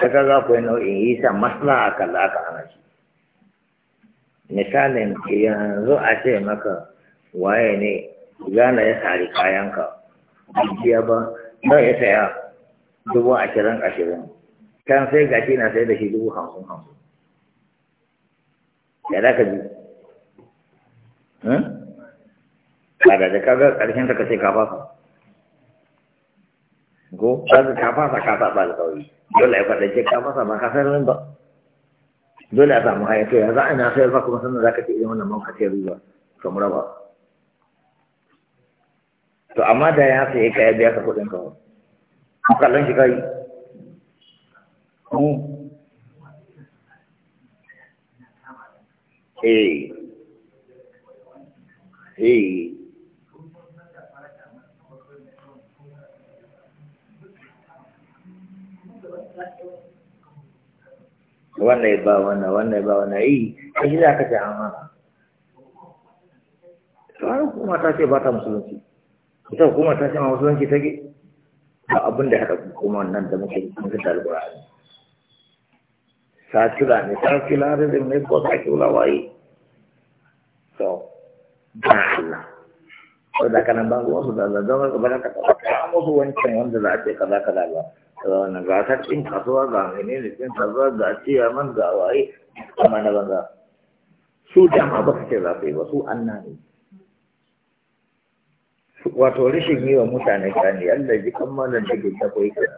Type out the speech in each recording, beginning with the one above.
daga za ku yi nau'in yi sa masla a kalla aka hana shi misalin yanzu a ce maka waye ne gana ya sari kayanka biya ba don ya saya dubu ashirin ashirin kan sai gashi na sai da shi dubu hamsin hamsin ya za ka ji kada hmm? da kaga ƙarshen ta ka ce ka fasa ko kaga ka fasa ka saba da kawai dole ya faɗa ce ka masa ba ka san nan ba dole a samu haya ya za a na sayar ba kuma sannan za ka ce irin wannan man ka ba riba mura ba to amma da ya sai ka ya biya ka kuɗin ka ba kallon shi kai hmm. eh eh wannan ba wannan wannan ba wannan yi eh, a shi za ka ce amana tsawon kuma ta ce ba ta musulunci ita kuma ta ce ma musulunci ta ke ba abin da haɗa hukumar nan da muke muke da alƙur'ani sakila ne sakila rizim ne ko sakila waye to ba Allah saboda haka nan babu wasu da Allah don haka ba ka taɓa musu wancan wanda za a ce kaza kaza ba wannan ga ta cin kasuwa ga mene ne cin kasuwa ga ciyaman ga waye mana na banza su dama ba su ce za su yi ba su anna ne wato rashin yi wa mutane kani Allah ji kan malam da ke koyi ka da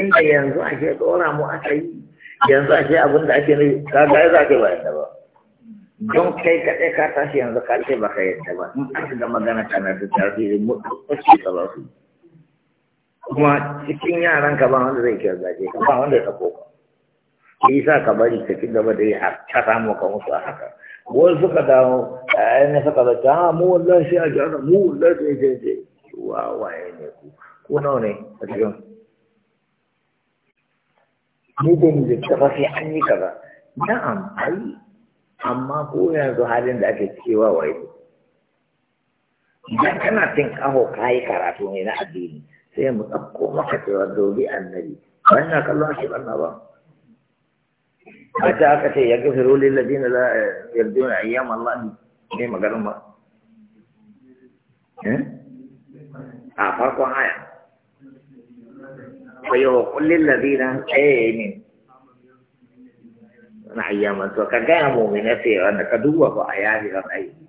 inda yanzu ake tsora mu aka yi yanzu ake abin da ake ne ka ga za ka bayan da ba don kai kaɗai ka tashi yanzu ka ce ba ka yadda ba in aka ga magana kana da tarihi mutsutsuci ka ba su kuma cikin yaran ka ba wanda zai kirgaje ka ba wanda ya ɗauko ka bari ka ci da yi har ta samu ka a haka wani suka dawo a yana suka zata ah, ha mu wallahi sai a gyara mu wallahi sai sai sai wa waye ne ku ko nawa ne a cikin mu ba mu zai tafa sai an yi kaza na'am ai amma ko yanzu halin da ake cewa wa yau idan kana cin kaho kai karatu ne na addini sai mu ɗauko maka cewa dogi annabi wannan kallon shi ɓanna ba a aka ce ya gafiru lillazina la yarduna ayyam Allah ne maganar ba a farko haya fa yau kullil ladina ayyamin ana ayyama to ka gaya mumina sai wanda ka duba ba a ran aiki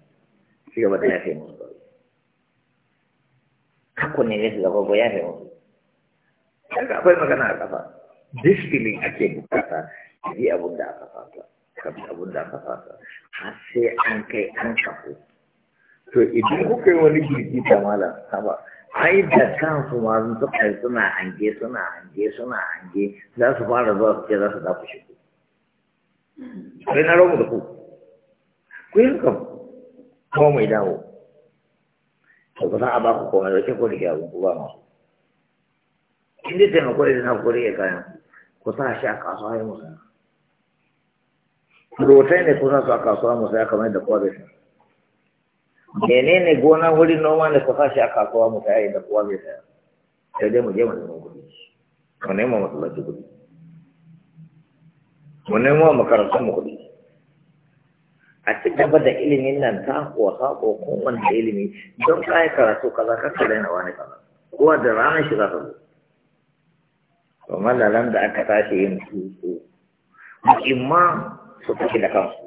shi gaba da yafi musu haku ne ne su gaba ba yafi musu kaga akwai magana a kafa disfilin ake bukata ka bi abin da aka fata ka bi abin da aka fata har sai an kai an kafu to idan kuka yi wani girki ta malam haba ai da kansu ma sun suka suna hange suna hange suna hange za su fara zuwa su ce za su dafa shigo sai na roƙo da ku ku yi kam kuma mai dawo to ba za a ba ku komai ba ke ko da ke abin ku ba ma in dai taimako da na ku rike kayan ku sa shi a kasuwa ya musa rotai ne ku sa su a kasuwa musa ya kamar da kowa zai sa menene gona wurin noma ne ku sa shi a kasuwa musa ya yi da kowa zai saya sai dai mu je mu nemo kuɗi mu nemo masallaci kuɗi mu nemo makarantar mu kuɗi a ci gaba da ilimin nan ta kuwa ta ko kowane ilimi don kayan karatu kaza ka kare na wani kaza kowa da ranar shi za ta zo to malalan da aka tashi yin tutu mu'imma su tafi da kansu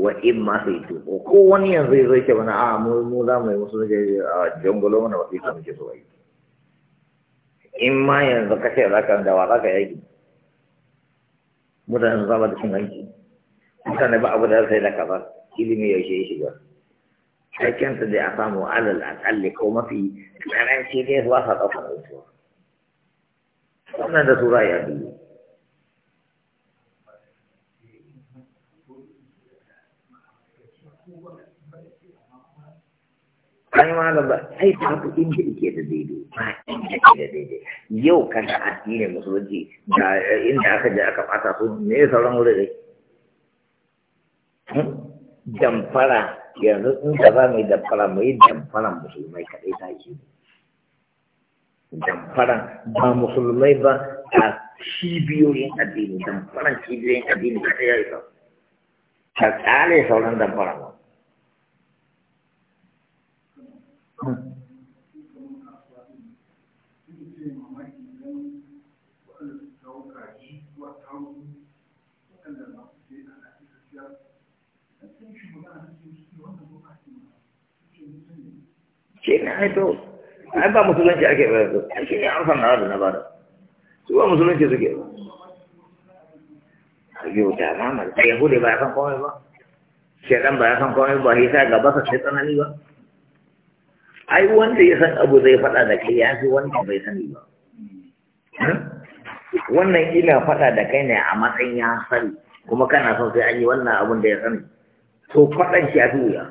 wa in ma yi to ko wani yanzu ya zai ke mana a mu mu za mu yi musu ne a jangolo mana wasiƙa ke zuwa yi in ma yanzu ce za ka da wa za ka yi? mutane su saba da cin hanci mutane ba abu da sai da kaza ilimi yaushe ya shiga aikinsa dai a samu alal akalli ko mafi karanci dai ba sa ɗaukar mutuwa wannan da sura ya biyu ai malam ba ai babu inda yake da daidai ba inda yake da daidai yau kada addinin musulunci da inda aka je aka fata su ne sauran hmm? dai. damfara yanzu in da za mu yi damfara mu yi damfaran musulmai kaɗai ta yi damfara ba musulmai ba a cibiyoyin addini damfaran cibiyoyin addini kaɗai ya isa ta tsare sauran damfara shi ne haifo ai ba musulunci ake bayar da shi ne an sanarwa da na bada su ba musulunci suke ba yau da ramar ta yahudi ba ya san komai ba shekan ba ya san komai ba hisa gaba sa sai tsanani ba ai wanda ya san abu zai faɗa da kai ya fi wanda bai sani ba hmm? wannan ina faɗa da kai ne a matsayin ya sani kuma kana son sai an yi wannan abun da ya sani to faɗan shi ya fi wuya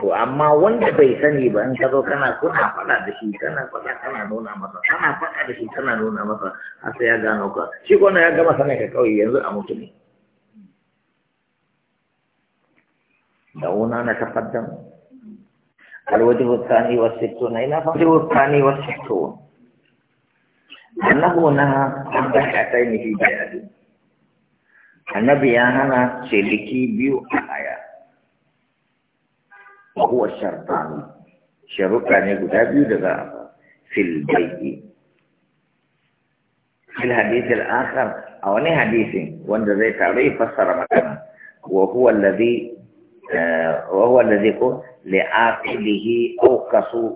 to amma wanda bai sani ba in ka zo kana kuna faɗa da shi kana faɗa kana nuna masa kana faɗa da shi kana nuna masa har sai ya gano ka shi ko ya gama sanin ka kawai yanzu a mutu ne da wuna na tafaddan الوجه الثاني والستون هنا فالوجه الثاني والستون أنه نهى عن بيعتين في بيعته النبي هنا سلكي بيو آية وهو الشرطان شرطان يقول بيو في البيع في الحديث الآخر أو أني حديث وأن ذي تعريف فسر مكانه وهو الذي آه وهو الذي يقول li'aqibihi aw kasu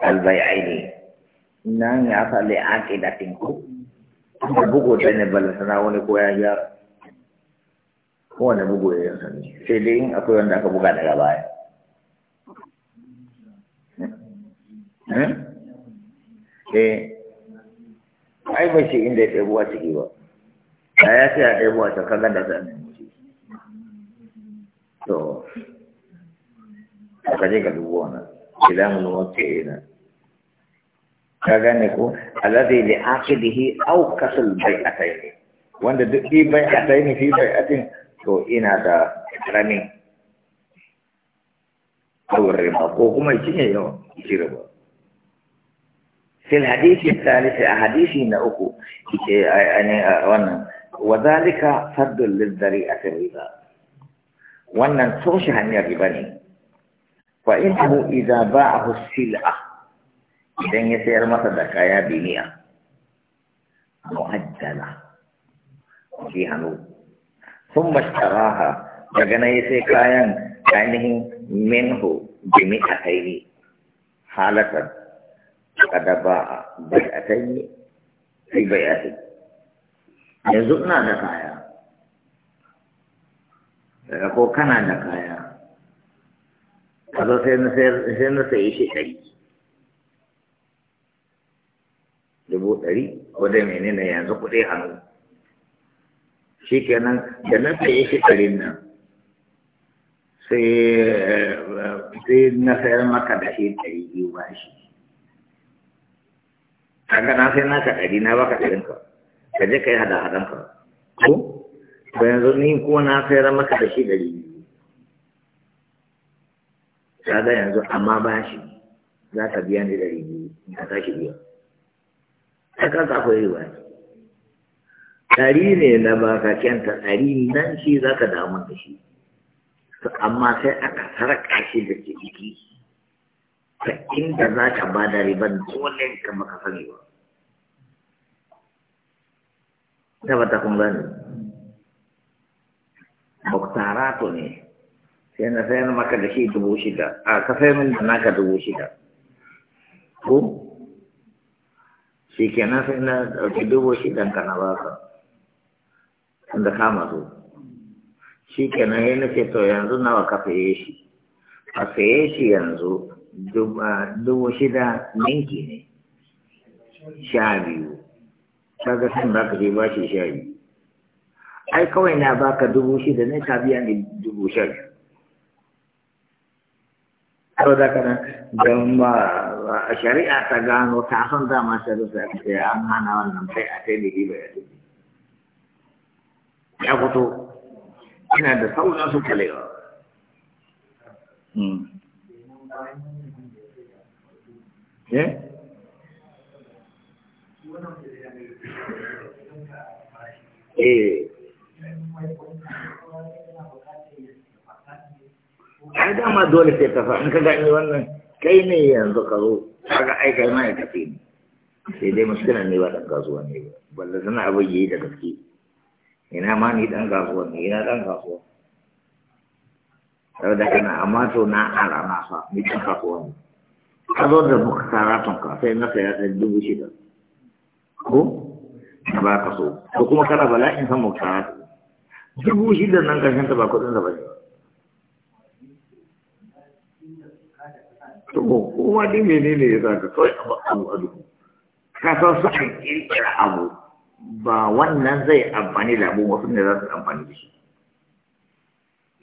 al-bai'aini nan ya fa li'aqidatin ku da bugu da ne balla sana wani ko ya ya ko wani bugu ya sani sai dai in akwai wanda aka buga daga baya eh ai ba shi inda ya ɗebo a ciki ba a ya ce a ɗebo a kaga da ta ne to ka je ka dubo wannan ilamul muwaqqi'ina ka gane ko alladhi li aqidihi aw kasal bai'atayn wanda duk bi bai'atayn fi bai'atin to ina da ramin aw riba ko kuma cinye yawa shi riba في الحديث الثالث أحاديث نأكو يعني وانا وذلك فضل للذريعة الرضا وانا توشي هني الربا fa innahu idza ba'ahu sil'a idan ya sayar masa da kaya duniya mu'ajjala fi hannu thumma ishtaraha daga nan ya sai kayan ainihin minhu bi mi'ataini halatan kada ba a bai'ataini fi bai'ataini yanzu ina da kaya daga ko kana da kaya kazo sai na sai na sai shi ɗari dubu ɗari ko da menene yanzu kuɗi hannu shi kenan da na saye shi ɗarin nan sai sai na sayar maka da shi ɗari biyu ba shi kaga na sai naka ɗari na baka ɗarin ka ka je ka yi hada-hadan ka ko ba yanzu ni ko na sayar maka da shi ɗari biyu ga yanzu amma ba shi za ka biya ni dari biyu in ka tashi biya ai kan ka koyi ba dari ne na baka kyanta dari nan shi za ka damu da shi amma sai aka sarƙa shi da ciki ta inda za ka ba da riban dole ka maka sani ba ta ba ta kun gani muktaratu ne sai na sayar maka da shi dubu shida a ka sai min da naka dubu shida ko shi kenan sai na ɗauki dubu shida ka na baka tunda kama su shi kenan ya nace to yanzu nawa ka saye shi a saye shi yanzu dubu shida ninki ne sha biyu kaga sun ba ka ba shi sha biyu ai kawai na baka dubu shida ne ta biya ni dubu sha biyu sau a shari'a ta gano ta san dama shari'a an hana wannan sai a sai da riba ya ya fito ina da sauran su kalewa hmm. Eh. eh. ai dama dole sai ka sa in ka gani eh, wannan kai ne yanzu ka zo kaga ai kai ma ya tafi ne sai dai muskilan ne ba dan kasuwa ne ba balle sana abin yi da gaske ina ma ni dan kasuwa ne ina dan kasuwa sau da kana amma to na ala na sa ni dan kasuwa ne ka zo da muka tara tun ka sai na saya ta dubu shida ko na ba ka so ko kuma kana bala'in san muka tara dubu shida nan karshen ta ba kudin da ba ne ba to kowa dai menene ya zaka kawai abu abu a duhu ka san su kan kirkira abu ba wannan zai amfani da abu wasu ne za su amfani da shi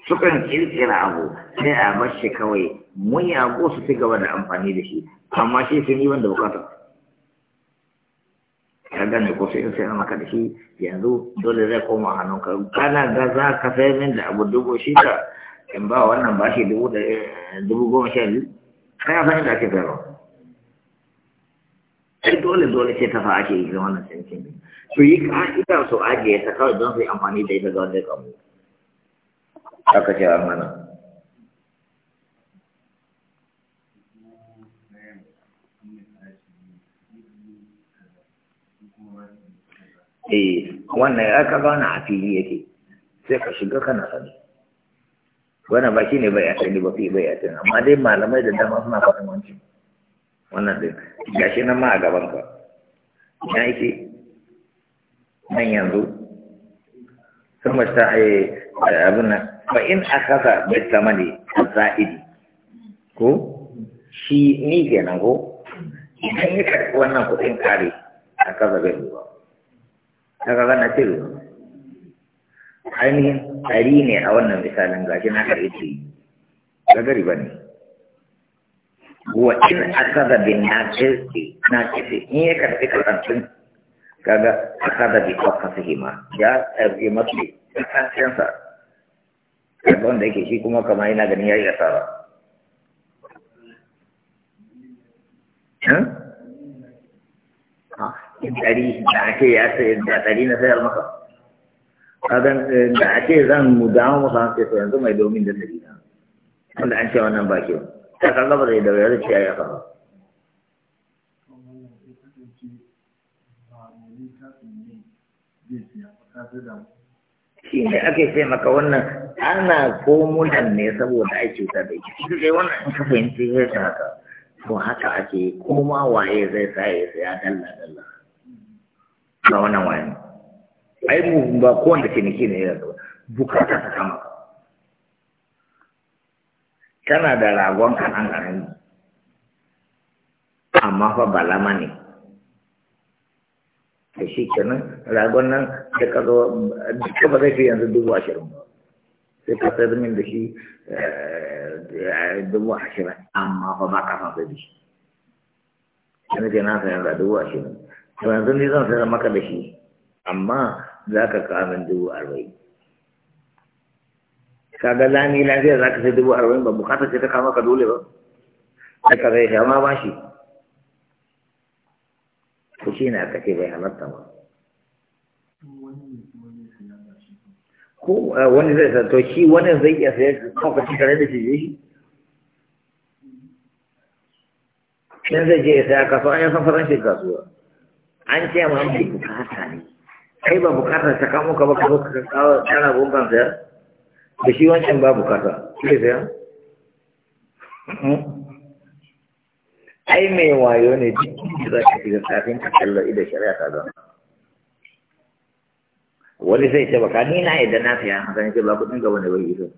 Su kan kirkira abu sai a bar shi kawai mun yago su ci gaba da amfani da shi amma shi sun yi wanda bukata ka gane ko sai sai maka da shi yanzu dole zai koma hannun hannunka kana ga za ka sai min da abu dubu ka in ba wannan ba shi dubu goma sha biyu kaya ya da ake bayarwa sai dole dole ce ta fa ake yi wannan sai din so yi ita so aje ta kawai don sai amfani da ita ga wanda ya mu aka ce an mana eh wannan ya ga wani a fili yake sai ka shiga kana sani wannan ba ne bai asali ba fi bai asali amma dai malamai da dama suna faɗin wancan wannan ga shi nan ma a gaban ka ya yake nan yanzu sun masta eh, abin nan ba in akaza bai a sa'idi ko shi ni nan ko idan ya karɓi wannan kuɗin kare a kasa bai ruwa ta kaga na ce ruwa ainihin ɗari ne a wannan misalin gashi na kare ce daga ba ne wa in aka bi na kese, in ya karbi karantun kaga aka akaza bi qasfihi hima. ya karbi mafi kasan sa kaga wanda yake shi kuma kama yana ganin yi asara ha in dari da ake ya sayar da dari na sayar maka kagan eh, da ake zan mu dawo mu san sai to yanzu mai domin da dari na wanda an ce wannan ba ke ta kaga ba zai da wayar ce ya kafa shi ne ake ce maka wannan ana komulan ne saboda ai cuta da ita shi dai wannan in ka fahimci zai ta haka to haka ake koma waye zai sa ya saya dalla dalla ba wannan waye ai mu ba kowanne ciniki ne yanzu zama bukata ta kama tana da ragon kanan kanan amma fa balama ne da shi kenan ragon nan da ka zo duka ba zai fi yanzu dubu ashirin ba sai ka sayar min da shi eh, dubu ashirin amma fa ba ka fasa da shi yana ke na sayar da dubu ashirin yanzu ni zan sayar maka da shi amma za ka kamin dubu arba'in kaga lami lafiya za ka sai dubu arba'in ba bukatar ce ta kama ka dole ba sai ka zai shama ba shi ko shi na aka ce bai halatta ba ko eh, wani zai sa to shi wani zai iya sayar kafa shi tare da shi je shi dan zai je ya saya kasuwa an san faranshi kasuwa an ce ma bai bukata ne kai ba bukatar ta kamo ka ba ka ka kawo tana gungan sayar da shi wancan ba bukatar ke sayar ai mai wayo ne duk da za ka da kafin ka kallo idan shari'a ta zama wani sai ce baka ni na idan na fiya haka ne ce ba kudin gaba ne bai yi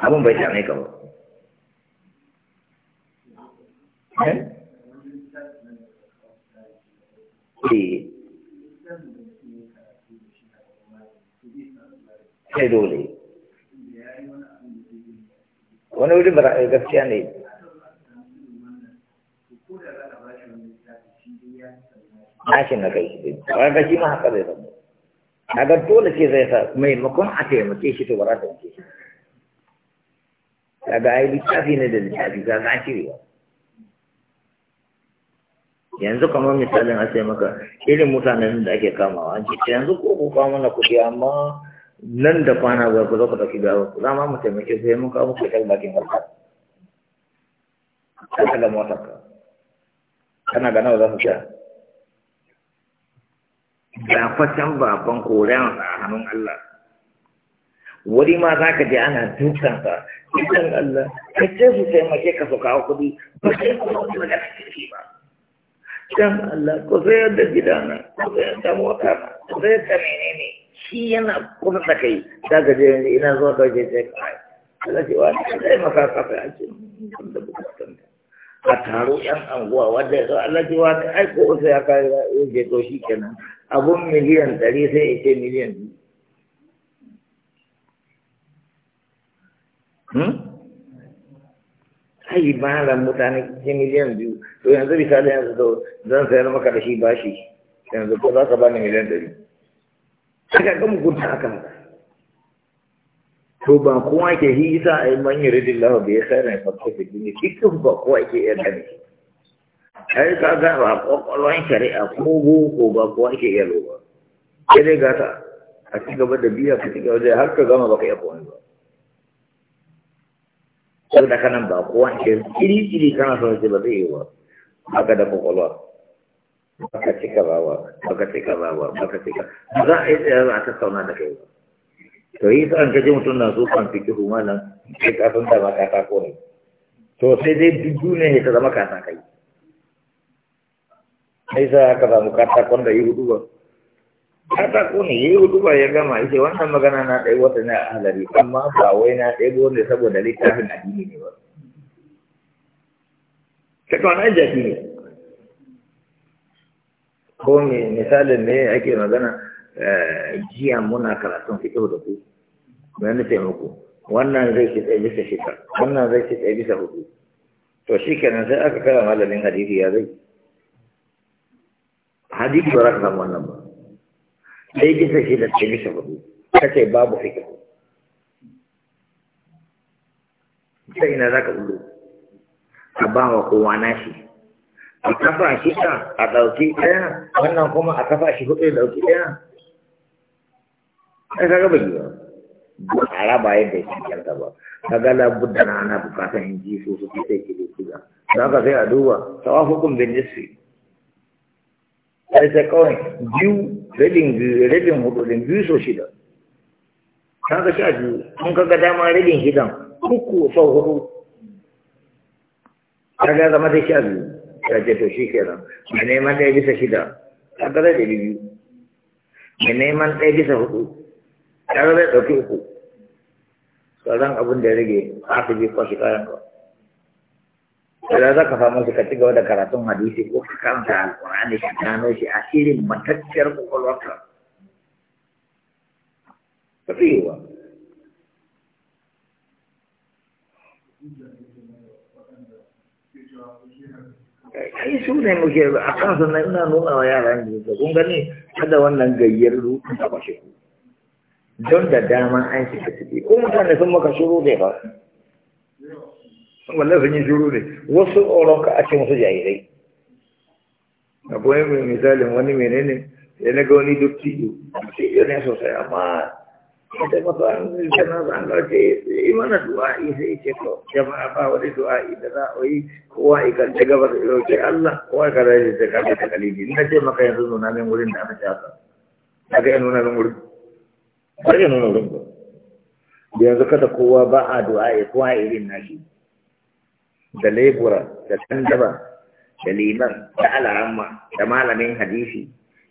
abin bai same ka ba eh, eh. dole wani wurin ba ra'ayi gaskiya ne nashin na kai shi wanda shi ma haka zai zama daga dole ce zai sa maimakon a taimake shi to ba za ta wuce shi daga ai littafi ne da littafi za ka shirya yanzu kamar misalin a sai maka irin mutanen da ake kamawa an ce yanzu ko ku kawo mana kuɗi amma nan da kwana biyar ku zo ku ɗauki gawa ku zama mu taimake sai mun kawo muku kai bakin harkar ka da motar ka kana ga nawa za Ya sha da fatan baban koren a hannun Allah wuri ma za ka je ana dukan ka idan Allah ka ce su taimake ka su kawo kuɗi ba sai ku zo ka, da kake ba dan Allah ko sai da gidana ko sai da mota ko sai da menene shi yana kusa da kai za ka je yanzu ina zuwa ka je sai ka Allah ce wani zai maka kafa a ce da bukatun a taro yan anguwa wanda ya zo Allah ce wani ai ko sai ya kai ya je to shi kenan abun miliyan ɗari sai ya ce miliyan biyu. Hmm? ai malam mutane ce miliyan biyu to yanzu bisa da yanzu to zan sayar maka da shi bashi yanzu ko za ka ni miliyan ɗari aka ga mugunta akan ka to ba kowa ke hisa a yi manyan ridin lawa da ya sanar fakta da gini cikin ba kowa ke iya gane ai ka ga ba kwakwalwan shari'a ko boko ba kowa ke iya loba sai dai gata a ci gaba da biya ka ci gaba da har ka gama baka iya komai ba sau da kanan ba kowa ke iri iri kana sanar ce ba zai yi ba haka da kwakwalwa baka cika ba bawa baka cika ba, bawa baka cika ba, za a yi tsaye a tattauna da kai ba to yi sa'an kaji mutum na so kan fi kihu mana sai ka san da ba ka ta kone to sai dai duk duniya ne ta zama ka ta kai sai sa aka samu katakon da yi hudu ba katako ne ya yi hudu ba ya gama ya ce wannan magana na ɗaya wata na ahalari amma ba wai na ɗaya ne saboda littafin addini ne ba. Shekawa na jaki ne. ko misalin ne ake magana eh, jiya muna karatun fito da ku bayan muku wannan zai ci tsaye bisa shika wannan zai ci tsaye bisa hudu to shi kenan sai aka kara malamin hadisi ya zai hadisi ba za ka samu wannan ba sai bisa da tsaye bisa hudu kace babu fikir sai ina za ka bulu a ba wa kowa nashi a kafa shida a ɗauki ɗaya wannan kuma a kafa shi hudu ɗauki ɗaya ai kaga bai yi ba a raba yadda ya kyanta ba kaga da na ana bukatan in ji su su fi sai kilo kila don haka sai a duba tawafukun bin nisfi sai sai kawai biyu rabin biyu rabin hudu din biyu so shida kaga sha biyu in kaga dama rabin shidan uku sau hudu kaga zama sai sha biyu ya ɗaya bisa shida kaga ɗaya bisa hudu kaga zai ɗauki uku sauran abin da ya rage a su bi ka ka ci gaba da karatun hadisi ko ka karanta alƙur'ani ka shi matacciyar kwakwalwarka ba kai su ne muke a kan na ina nuna wa yaran da kun gani kada wannan gayyar rukun ta ba shi don da dama an ka ciki ko mutane sun maka shuru ne ba wanda sun yi shuru ne wasu tsoron ka a ce musu jahilai akwai misalin wani menene ya na ga wani dukki cijo a ce irin sosai amma da mafarin sana zan ce yi mana du'a'i sai ce to jama'a ba wani du'a'i da za a yi kowa ta gaba da ɗauke Allah kowa ka zai da kaɗa ta kalibi na ce maka yanzu nuna min wurin da aka ci haka ga yi nuna min wurin ba ya nuna wurin ba yanzu kada kowa ba a du'a'i kowa irin na nashi da lebura da kan da liman da alaramma da malamin hadisi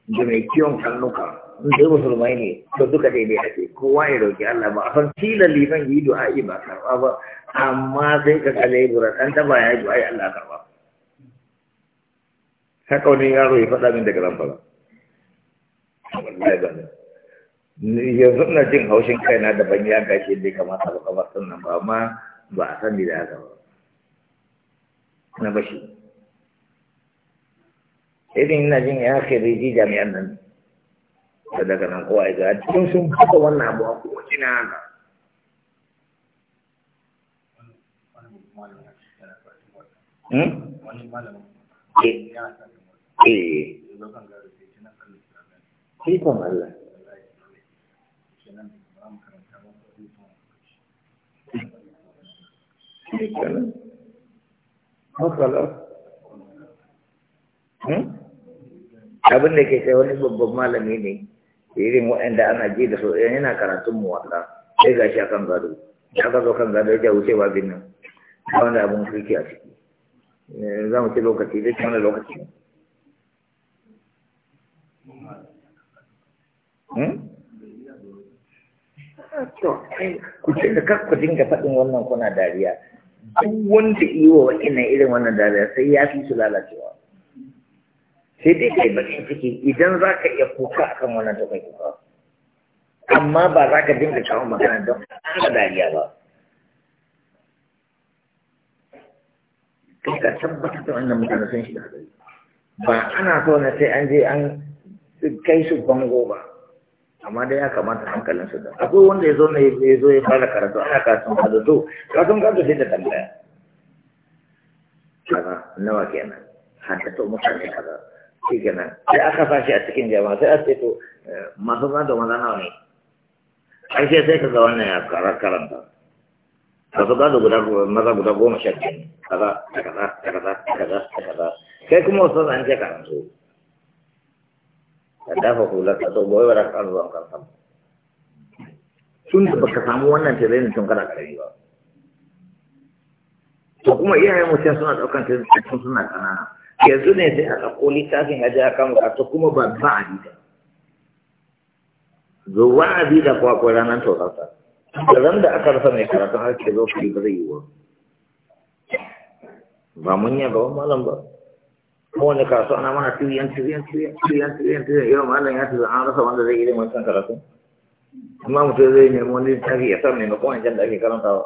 da mai kiwon karnuka in dai musulmai ne to duka daidai ake kowa ya dauki Allah ba a san tilan liman yi du'a'i ba karba ba amma sai ka kalle bura dan ta baya yi du'a'i Allah karba haka wani yaro ya faɗa min daga zamfara wallahi ba yanzu na jin haushin kaina da ban ya gashi da kamata ba kamar sannan ba amma ba a san da haka ba na bashi irin ina jin ya kiriji jami'an nan da daga nan kowa ya ga cikin sun wannan abu a kowace na haka hmm? eh. Eh. Ikon Allah. Ikon Allah. abin da ke kai wani babban malami ne irin waɗanda ana ji da su eh, yana karatun mu wata sai ga shi akan gado ya ka zo kan gado ya wuce ba bin nan ba wanda abin kirki a ciki eh, za mu ce lokaci zai wani lokaci hmm? to eh, ku ce da kakku dinga faɗin wannan kuna dariya duk wanda iwo wa irin wannan dariya sai ya fi su lalacewa sai dai kai bakin ciki idan za ka iya kuka a kan wannan tafai kuka amma ba za ka dinga kawo magana don ana dariya ba kai ka tabbatar da wannan mutane sun shiga hadari ba ana so na sai an je an kai su bango ba amma dai ya kamata hankalin su da akwai wanda ya zo na ya zo ya fara karatu ana kasan kaza to karatun kaza sai da tambaya kaza nawa kenan to mutane kaza shi kenan sai aka sashi a cikin jama'a sai a ce to eh, masu zan da maza nawa ne ƙarshe sai ka ga wannan ya karanta masu zan da guda maza guda goma sha biyu kaza kaza kaza kaza kaza kai kuma wasu zan ce karanto ka dafa hular ka to bai wada kan zuwa kan samu tun da baka samu wannan tilayin tun kana karami ba to kuma iyayen mutum suna ɗaukan tilayin tun suna ƙanana yanzu ne sai a ɗauko littafin a a kan bukatu kuma ban ba a bida zo ba a bida kuwa ko ranar taurasa da ran da aka rasa mai karatun har ke zo fi ba zai yi wa ba mun yi gaban malam ba wani kasu ana mana tiriyan tiriyan tiriyan tiriyan tiriyan yau malam ya tuzo an rasa wanda zai yi da san karatun amma mutum zai nemi wani littafi ya sa maimakon wancan da ake karantawa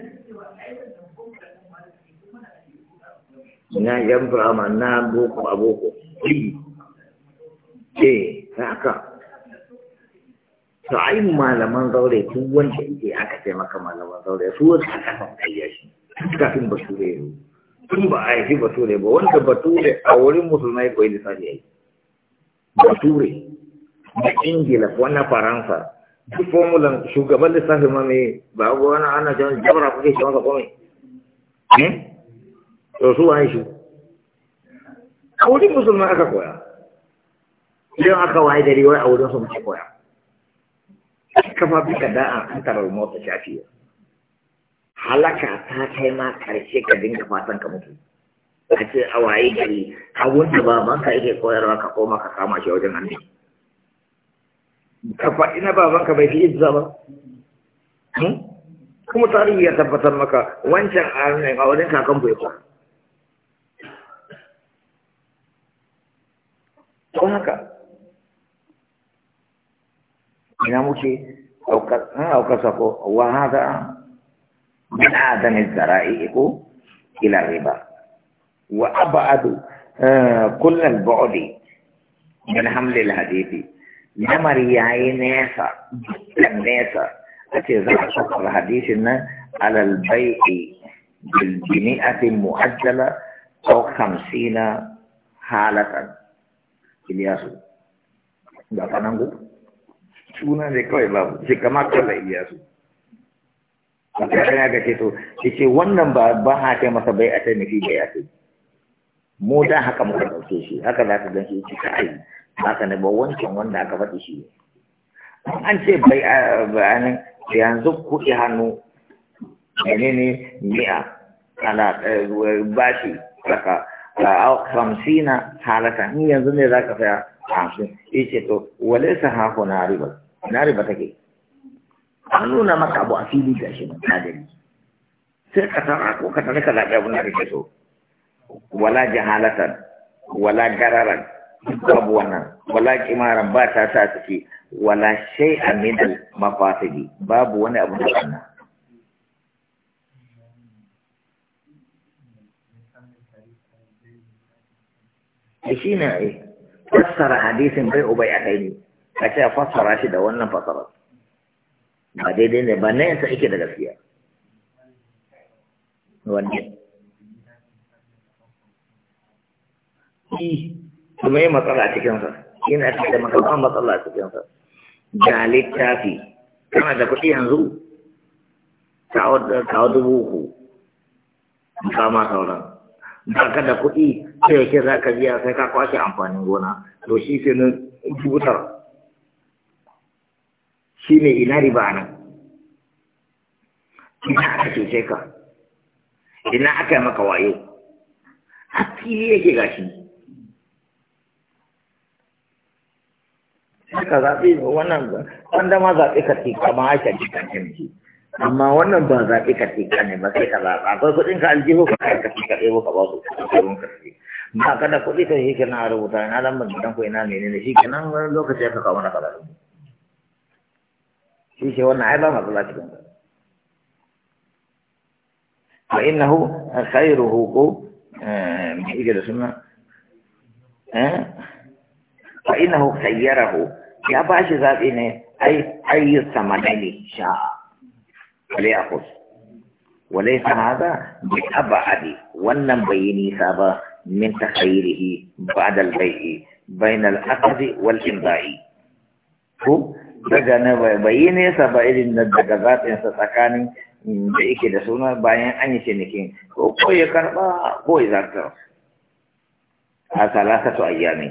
ina yan burama na boko a boko ce haka to ai malaman zaure tun wanda ike aka ce maka malaman zaure su wanda aka san kariya shi kafin bature ne tun ba a yi bature ba wanda bature a wurin musulmai ko yi lissafi ai bature da ingila ko na faransa duk formulan shugaban lissafi ma mai ba wani ana jan jabra kuke shi masa komai hmm? to su shi a wurin musulman aka koya idan aka waye da riwaya a wurin su muke koya kafa bi ka da'a an tarar shafi ya. halaka ta kai ma karshe ka dinga fatan ka mutu a ce a waye gari abun da babanka yake koyarwa ka koma ka kama shi wajen hannu. ka faɗi na babanka bai fi izza ba hmm? kuma tarihi ya tabbatar maka wancan a wurin kakan bai kwa. طلاقا ينموشي أو كسفو وهذا من آذن الزرائق إلى الربا وأبعد كل البعد من حمل الحديث لما رياي نيسا لم نيسا أتزع شكر حديثنا على البيع بالجنيئة مؤجلة أو خمسين حالة Iliyasu ga kanan ku suna ne kawai babu sai kama kalla Iliyasu a kasar ya gace to shi ce wannan ba ba masa bai a ta nufi bai a kai mu da haka muka ɗauke shi haka za ka gan shi ci kai haka ne ba wancan wanda aka faɗi shi ne an ce bai a bayanin yanzu kuɗi hannu menene mi'a ana eh, bashi saka أو خمسين حالة هي يظن ذاك فيها hamsin ya ce to wale hako na riba na riba take an nuna maka abu a fili ga shi na dani sai ka tara ko ka tara ka labe abin da ke so wala jahalatan wala gararan babu wannan wala kimaran ba ta sa suke wala shay'an min al mafasidi babu wani abu da wannan da eh, shi ne ai eh. fassara hadisin bai ubai a kai ne a ce fassara shi da wannan fassara ba daidai ne ba na yanta ake da gaskiya wanne kuma yi matsala cikinsa yana cikin maka ba matsala cikinsa ga littafi kana da kuɗi yanzu kawo dubu uku ba ma sauran ba ka da kuɗi da yake za ka biya sai ka kwashe amfanin gona to shi sai na butar shi ne ina riba nan ina aka cece ka ina aka yi maka waye fili yake gashi haka zaɓe wannan wanda ma zaɓe ka tika kama a ji kankan amma wannan ba zaɓe ka tika ne ba sai ka zaɓa akwai kuɗin ka aljihu ka kai ka ka ɗebo ka ba su ka ba ka da kuɗi ka shi kenan a rubuta ina lambar gidan ku ina menene shi kenan wani lokaci ya kawo mana kaza shi ce wannan ai ba matsala cikin ka fa innahu khairuhu ko me yake da suna fa innahu khayyarahu ya ba shi zaɓi ne ai ayyu samanani sha'a وليأخذ وليس هذا بأبعد ونم بيني سابا من Badal, بعد البيع بين الأخذ والإمضاء ko daga na bai sa ba irin da daga zaɓin sa tsakanin da yake da suna bayan an yi cinikin ko ko ya karɓa ko ya zartar a salasatu ayyami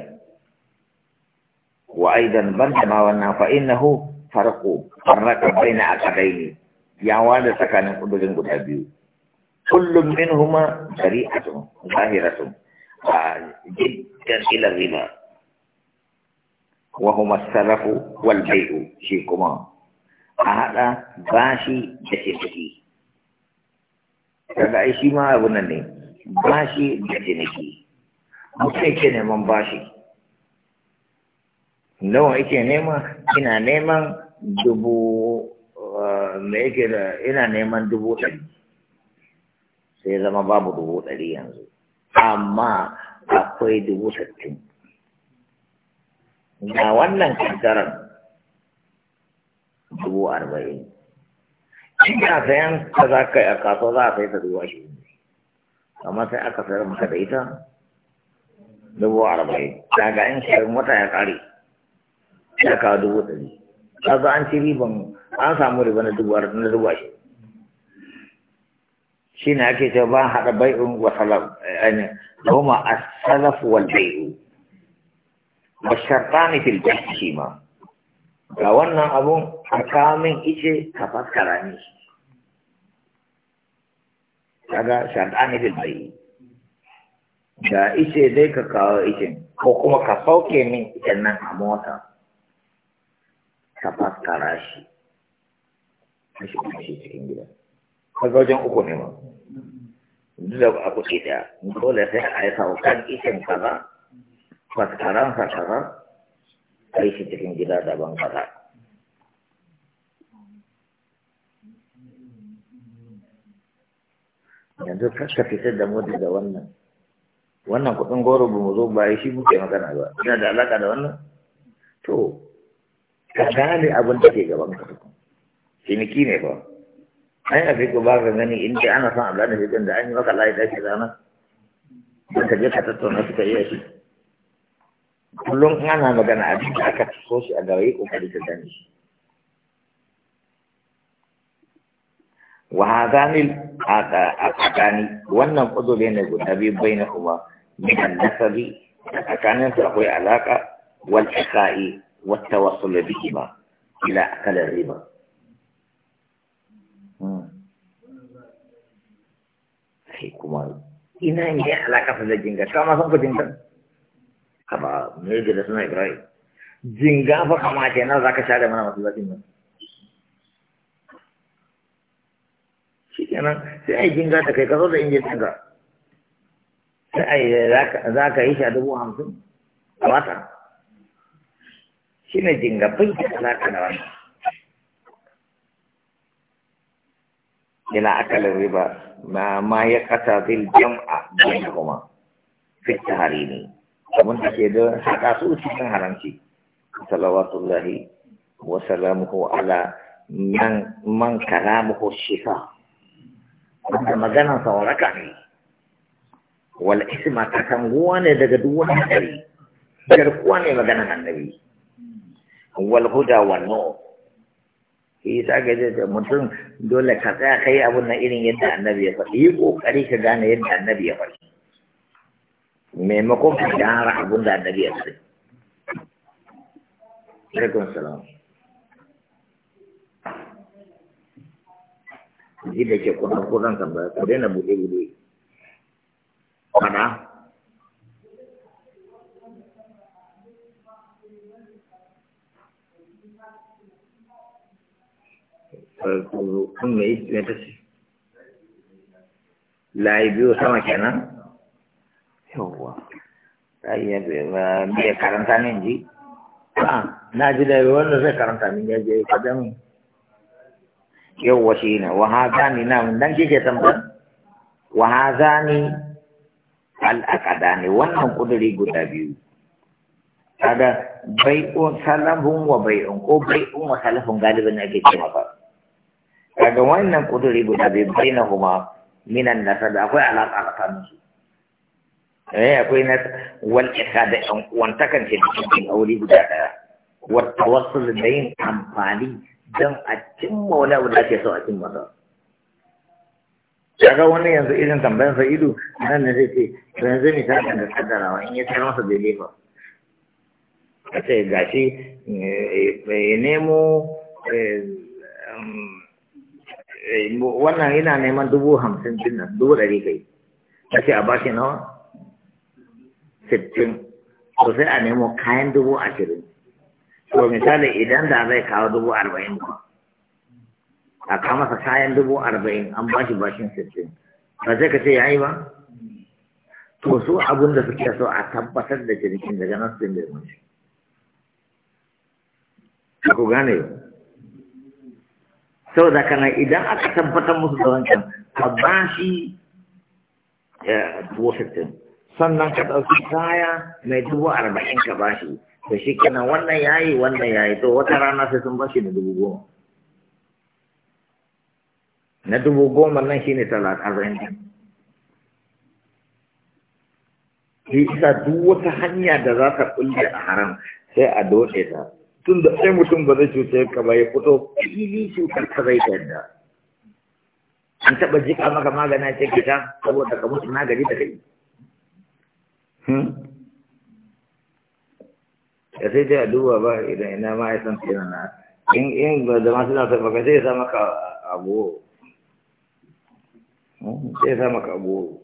wa aidan ban da ma wannan fa innahu farqu farraqa baina aqdaini ya wada tsakanin kudurin guda biyu Kullum min huma a a tun, kullun minhumah syari'atum, zahiratum. Jidkan ila rila. Wahumas salafu wal bayu syikumah. Ahadah basi jasimuki. Tidak isi maha da ni. Basi jasimuki. Mungkin ikan yang membasi. Nawa ikan neman, ina neman dubu, uh, ina neman dubu tadi. sai zama babu dubu ɗari yanzu amma akwai dubu sittin na wannan kankarar dubu arba'in ina sayan ta za ka yi a kaso za a sai ta dubu ashirin amma sai aka sayar maka da ita dubu arba'in daga in sayar wata ya ƙare ya kawo dubu ɗari kaga an ci riban an samu riba na dubu na dubu ashirin shi ne ake cewa ba haɗa bai'un wa salaf ainihin lahuma as-salaf wal bai'u wa shartani fil bai'i shi ma ga wannan abun a kamin ice ka faskara ne kaga shartani fil bai'i da ice dai ka kawo ice ko kuma ka sauke min icen nan a mota ka faskara shi shi cikin gida kaga wajen uku ne ma duk da a kuɗi ɗaya dole sai a yi saukan isin kaza faskaran kaza a yi shi cikin gida daban kaza yanzu ka fitar da mu da wannan wannan kuɗin goro ba mu zo ba shi muke magana ba yana da alaka da wannan to ka gane abin da ke gaban ka ciniki ne ba ai a fiko ba ka gani inda ana son a gane fikin da an yi maka layi tashi rana don ka je ka tattauna suka iya shi kullum ana magana a da aka so shi a gaba yi kokari ka gane shi wa hadanil akadani wannan kudure ne guda biyu bainahuma min an-nasabi tsakanin su akwai alaka wal ikha'i wat tawassul bihima ila akal riba kai kuma ina ne alaka ta da jinga kama san ku jinga kama me da suna ibrahim jinga fa kama ce na zaka share mana masallacin nan shi kenan sai ai jinga ta kai ka zo da injin ɗinka sai ai za ka yi sha dubu hamsin a wata shi ne jinga bai da alaka da wannan ila akalin riba na ma ya kasa bil jam'a bainahuma fi ne abun da ke da haka su cikin haramci salawatullahi wa salamuhu ala man man kalamuhu shifa wanda magana sa waraka ne wal isma ta kan ne daga duk wani hadari garkuwa ne nan annabi wal huda wan nur shi eh, yasa ga da mutum dole ka tsaya kai abun nan irin yadda annabi ya faɗi yi kokari ka gane yadda annabi ya faɗi maimakon fita gyara abun da annabi ya faɗi alaikum salam ji da ke kuma ko kan ba ku daina buɗe buɗe ba faɗa kun layi biyu sama kenan ya karanta min ji na ji da zai karanta min ya je ka min shi ne dan kike wannan kuduri guda biyu kaga bai'un salafun wa bai'un ko bai'un wa salafun galibin ake cewa ba kaga wannan kuduri guda bai bayyana kuma minan nasab akwai alaƙa tsakanin su eh akwai na wal da an wantakan ce cikin aure guda daya wa tawassul da yin amfani don a cimma wani abu da ake so a cimma sa kaga wani yanzu irin tambayan sa ido nan ne zai ce yanzu ni ta da kaddarawa in ya tsaya masa daidai ka ce gashi ya eh, eh, eh, nemo um, Eh, wannan yana neman dubu hamsin din nan dubu ɗari kai ta ce a bashi nawa sittin to sai a nemo kayan dubu ashirin to misali idan da zai kawo dubu arba'in ba a kawo masa kayan dubu arba'in an bashi bashin sittin ba zai ka ce ya yi ba to su abun da suke so a tabbatar da jirgin daga nan sun girma shi ku gane sau da kana idan aka tabbatar musu da wancan ka ba shi dubu sittin sannan ka ɗauki kaya mai dubu arba'in ka ba shi to shi kenan wannan ya yi wannan ya yi to wata rana sai sun ba shi da dubu goma na dubu goma nan shi ne talatin arba'in isa duk hanya da za ta kulle a haram sai a dole ta tun da sai mutum ba zai cuce ka ba ya fito fili cutar ka zai yadda an taɓa jika maka magana ce ki ta saboda ka mutu na gari da kai hmm? ya sai dai a duba ba idan ina ma ya san tsina na in in ba da masu na taɓa ka sai ya sa maka abu hmm, sai ya sa maka abu